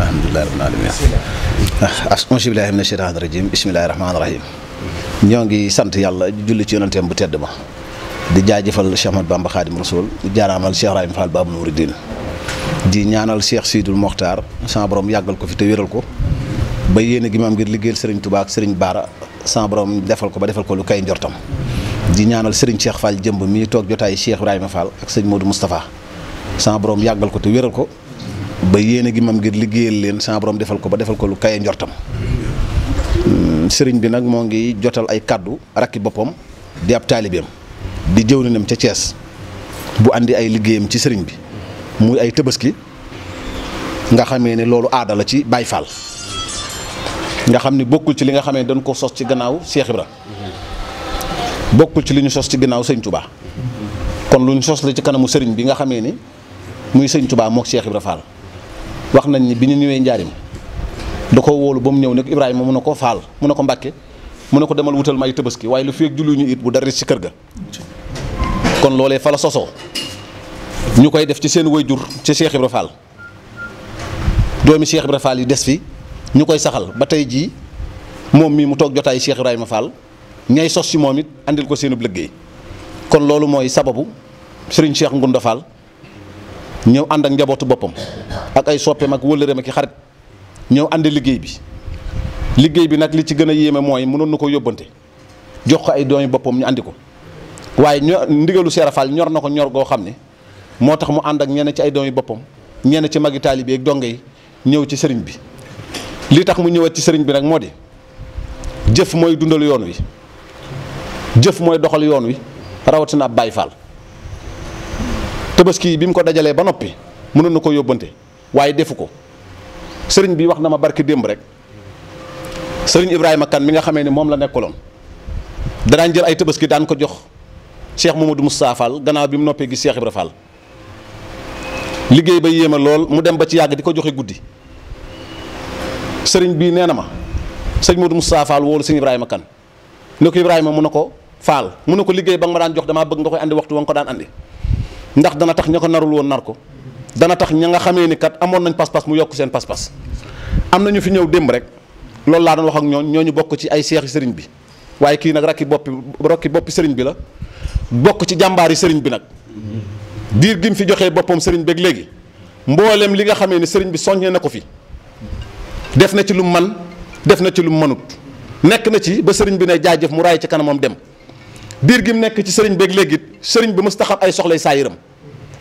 alhamdulilah rabbil alamin ah, asbillahi mina sheytaani bismillahi rahmaani rahim ñoo ngi sant yàlla julli ci yonanteem bu tedd ma di jaajëfal Cheikh Ahmad Bamba Khadim Rasoul jaaraamal Cheikh Rahim Fall Babu Mouridine di ñaanal Cheikh Sidul Mokhtar sama borom yàggal ko fi te wéral ko ba yéene gi ma am ngir liggéeyal Serigne tubaak ak Serigne Baara sama borom defal ko ba defal ko lu kay njortam di ñaanal Serigne Cheikh Fall jëmb mi toog jotaayu Cheikh Ibrahima Fall ak sëñ Modou Moustapha sama borom yàggal ko te wéral ko ba yéene gi mam ngir liggéeyal leen sa borom defal ko ba defal ko lu kaye njortam mm, sëriñ bi nag moo ngi jotal ay kàddu rakki boppam di ab taalibeem di jëwriñam ca cees bu indi ay liggéeyam ci sëriñ bi muy ay tëbaski nga xamee ne loolu aada la ci Baye Fall nga xam ne bokkul ci li nga xamee dañ ko sos ci gannaaw Cheikh Ibra bokkul ci li ñu sos ci gannaaw sëñ Touba kon lu ñu sos la ci kanamu sëriñ bi nga xamee ni muy sëñ Touba mook Cheikh Ibra Fall wax nañ ni bi ñu ñëwee njaarim da ko woolu ba mu ñëw ne ko Ibrahima mu ne ko faal mu ne ko mbàkke mu ne ko demal wutal ma ay tabaski waaye lu feeg julli ñu it bu dara ci kër ga kon loolee fa la sosoo ñu koy def ci seen wayjur ci Cheikh Ibra Fall doomi Cheikh Ibra yi des fi ñu koy saxal ba tey jii moom mii mu toog jotaayu Cheikh Ibrahima Fall ñay sos ci moom it andil ko seen ub liggéey kon loolu mooy sababu Serigne Cheikh Ngounda Fall ñëw ànd ak njabootu boppam ak ay soppeem ak wëllëreem ak i xarit ñëw ànd liggéey bi liggéey bi nag li ci gën a yéeme mooy mënoon na ko yóbbante jox ko ay doomi boppam ñu àndi ko waaye ño ndigalu Seera Fall ñor na ko ñor goo xam ne moo tax mu ànd ak ñenn ci ay doomi boppam ñenn ci magi taalibe ak donge yi ñëw ci sëriñ bi li tax mu ñëwaat ci sëriñ bi nag moo di jëf mooy dundal yoon wi jëf mooy doxal yoon wi rawatina ab Baay Faal tabaski bi mu ko dajalee ba noppi mënoon na ko yóbbante waaye defu ko sëriñ bi wax na ma barki démb rek sëriñ Ibrahima kan mi nga xamee ni moom la nekkaloon danaañ jël ay tabaski daan ko jox cheikh Mamadou Moustapha Fall gannaaw bi mu noppee gis seex bi Fall liggéey ba yéema lool mu dem ba ci yàgg di ko joxe guddi sëriñ bii nee na ma sëñ Mamadou Moustapha Fall woolu sëñ Ibrahima kan ne ko Ibrahima mun na ko Fall mun na ko liggéey ba nga ma daan jox damaa bëgg nga koy andi waxtu ko daan andi. ndax dana tax ña ko narul woon nar ko dana tax ña nga xamee ni kat amoon nañ pas-pas mu yokk seen pas-pas am na ñu fi ñëw démb rek loolu laa doon wax ak ñooñ ñu bokk ci ay seexi sëriñ bi waaye kii nag rakki boppi rakki boppi sëriñ bi la bokk ci jàmbaar yi sëriñ bi nag diir gi fi joxee boppam sëriñ beeg léegi mboolem li nga xamee ni sëriñ bi soññee na ko fi def na ci lum man def na ci lu mënut nekk na ci ba sëriñ bi ne jaajëf mu raay ci kanamam dem. biir gi mu nekk ci sëriñ beeg léegi sëriñ bi mës ta xam ay soxlay saa yëram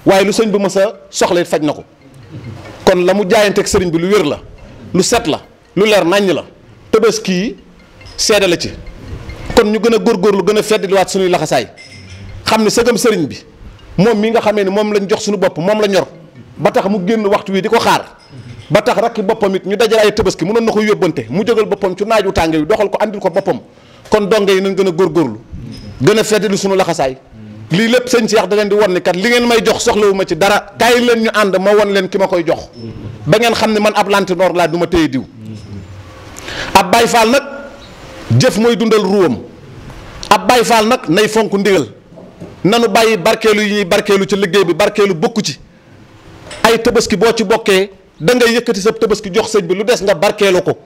waaye lu sëriñ bi mës sa soxla faj na ko kon la mu jaayanteeg sëriñ bi lu wér la lu set la lu leer naññ la tabaski yi seede la ci kon ñu gën a góor góorgóorlu gën a feddliwaat suñuy laxasaay xam ne sëgam sëriñ bi moom mi nga xamee ni moom lañ jox suñu bopp moom la ñor ba tax mu génn waxtu wi di ko xaar ba tax rakki boppam it ñu dajale ay tabaski mënoon na ko yóbbante mu jógal boppam ci naaju tànge wi doxal ko andil ko boppam kon donge yi nañ gën a góorgóorlu gën a feetali sunu laxasaay lii lépp sëñ Cheikh da leen di wan ni kat li ngeen may jox soxlawu ma ci dara kaay leen ñu ànd ma wan leen ki ma koy jox ba ngeen xam ne man ab lantinoor laa du ma téye diw ab Baay Faal nag jëf mooy dundal ruwam ab Baay Faal nag nay fonk ndigal nanu bàyyi barkeelu yi ñuy barkeelu ci liggéey bi barkeelu bokku ci ay tabaski boo ci bokkee da ngay yëkkati sa tabaski jox sëñ bi lu des nga barkeelu ko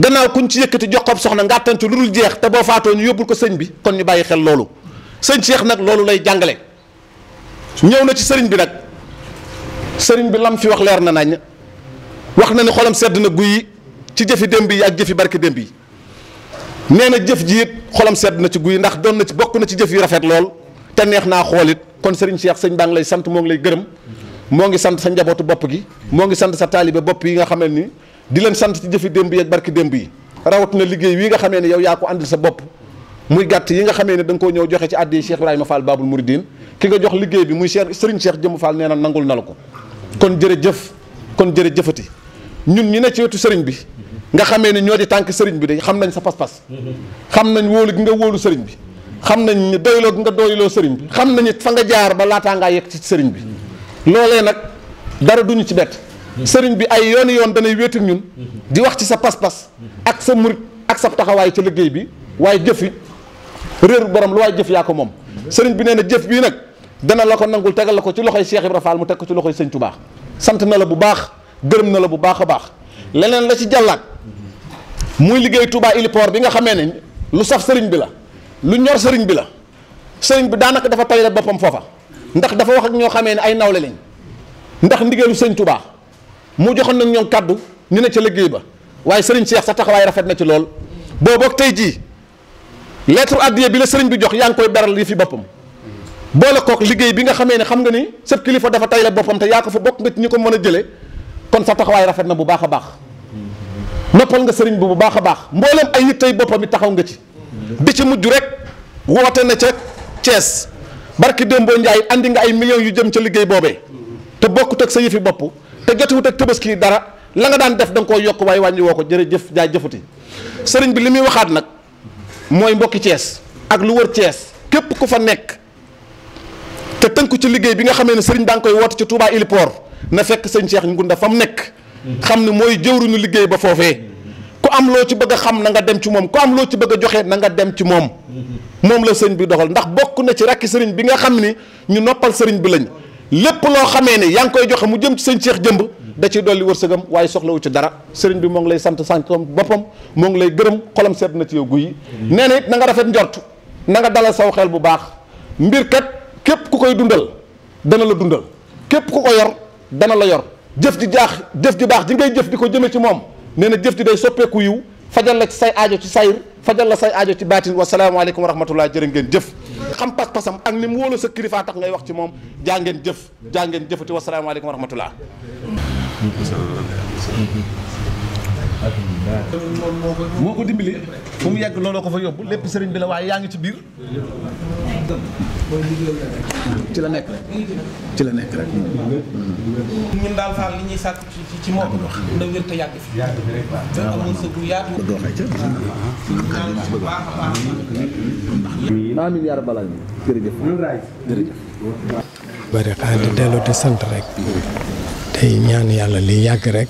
gannaaw kuñ ci yëkkati jox ko soxna ngàttan ci lu dul jeex te boo faatoo ñu yóbbul ko sëñ bi kon ñu bàyyi xel loolu sëñ Cheikh nag loolu lay jàngale ñëw na ci sëriñ bi nag sëriñ bi lam fi wax leer na nañ wax na ni xolam sedd na guy ci jëfi démb yi ak jëfi barki démb yi nee na jëf ji it sedd na ci guy ndax doon na ci bokk na ci jëf yu rafet lool te neex naa xoolit kon sëriñ Cheikh sëñ baa ngi lay sant moo ngi lay gërëm moo ngi sant sa njabootu bopp gi moo ngi sant sa taalibe bopp yi nga xam ni di leen sant ci jëfi démb yi ak barki démb yi na liggéey wi nga xamee ne yow yaa ko àndil sa bopp muy gàtt yi nga xamee ne da nga koo ñëw joxe ci àddi Cheikh Ibrahima Fall Babul Mouridine ki nga jox liggéey bi muy Cheikh Serigne Cheikh Jëmb Fall nee na nangul na la ko kon jërëjëf kon jërëjëfati ñun ñu ne ci wetu sëriñ bi nga xamee ne ñoo di tànk sëriñ bi de xam nañ sa pas-pas xam nañ wóolu gi nga wóolu sëriñ bi xam nañ doyloo gi nga doyloo sëriñ bi xam nañ fa nga jaar ba laataa ngaa ci sëriñ bi loolee nag dara duñu ci bett sëriñ bi ay yoon yoon danay wéetak ñun di wax ci sa pas-pas ak sa murit ak sa taxawaay ci liggéey bi waaye jëfi réer borom lu waaye jëf yaa ko moom sëriñ bi nee na jëf bii nag dana la ko nangul tegal la ko ci loxoy Cheikh Ibra Fall mu teg ko ci loxoy sëñ Tuubaa sant na la bu baax gërëm na la bu baax a baax leneen la ci jàllaat muy liggéey Touba héliport bi nga xamee ne lu saf sëriñ bi la lu ñor sëriñ bi la sëriñ bi daanaka dafa pay la boppam foofa ndax dafa wax ñoo xamee ne ay nawle lañ ndax ndigeelu sëñ Touba mu joxoon nag ñoom kàddu ñu ne ca liggéey ba waaye sëriñ Cheikh sa taxawaay rafet na ci lool booboog tey jii lettre addiya bi la sëriñ bi jox yaa ngi koy beral yi fi boppam boole kook liggéey bi nga xamee ne xam nga ni sëb kilifa dafa tay la boppam te yaa ko fa bokk nga ci ñi ko mën a jëlee kon sa taxawaay rafet na bu baax a baax noppal nga sëriñ bi bu baax a baax mboolem ay nit tey boppam it taxaw nga ci bi ci mujj rek woote na ca Thiès barki Dembo Ndiaye andi nga ay millions yu jëm ca liggéey boobee te bokkut ak sa yëfi bopp. te jotewut ak tabaski dara la nga daan def da nga koo yokk waaye wàññi woo ko jërëjëf jaay jëfuti sëriñ bi li muy waxaat nag mooy mbokki cees ak lu wër cees képp ku fa nekk te tënku ci liggéey bi nga xamee ne sëriñ daa koy woote ci Touba Ilipor na fekk sëñ Cheikh Ngunda fa mu nekk xam ne mooy jëwruñu liggéey ba foofee ku am loo ci bëgg xam na nga dem ci moom ku am loo ci bëgg joxe na nga dem ci moom moom la sëñ bi doxal ndax bokk na ci rakki sëriñ bi nga xam ni ñu noppal sëriñ bi lañ lépp loo xamee ne yaa ngi koy joxe mu jëm ci sëñ Cheikh jëmb da ciy dolli wërsëgam waaye soxlawu ci dara sëriñ bi moo ngi lay sant sànkam boppam moo ngi lay gërëm xolam sedd na ci yow guy yi nee na it rafet njort na nga dalal saw xel bu baax mbir kat képp ku koy dundal dana la dundal képp ku ko yor dana la yor jëf ji jaax jëf ji baax ji ngay jëf di ko jëme ci moom nee na jëf ji day soppeeku yiw fajal la say ajo ci sayir fajal la say ajo ci baatin wasalaamaaleykum wa rahmatullah jërë ngeen jëf xam pas-pasam ak ni mu wóolu sa kilifaa tax ngay wax ci moom jaa ngeen jëf jaa ngeen jëfati wasalaamaaleykum wa rahmatullah moo ko dimbali fu mu yàgg looloo ko fa yóbbu lépp sëriñ bi la waaye yaa ngi ci biir ci la nekk la nekk rek. bari xaar di delloo sant rek. tey ñaan yàlla li yàgg rek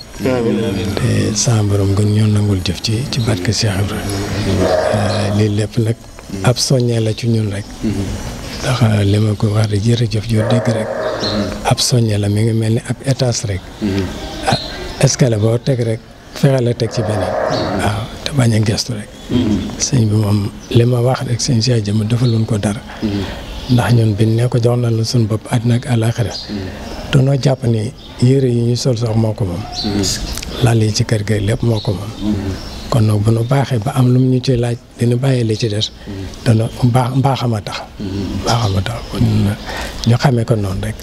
te saa borom gën ñoo nangul jëf ci ci barke Cheikh Ibrahima lii lépp nag ab soññee la ci ñun rek ndax euh, li ma ko wax de jërëjëf joo dégg rek mm-hmm. ab soññe la mi ngi mel ni ab étage rek mm-hmm. ah escale boo teg rek fexe la teg ci beneen mm-hmm. waaw te bañ a gestu rek sëñ bi moom li ma wax rek sëñ si jëm defaluñ ko dara ndax ñun biñ ne ko jox na la suñu bopp àddina ak àlaaxira doonoo jàpp ni yére yi ñu sol sax moo ko moom lal yi ci kër gi lépp moo ko moom kon nag bu nu baaxee ba am lu ñu ci laaj nu bàyyi li ci des. Mm-hmm. dana mbaax a tax. Mm-hmm. mbaaxama tax kon ñu xamee ko noonu rek.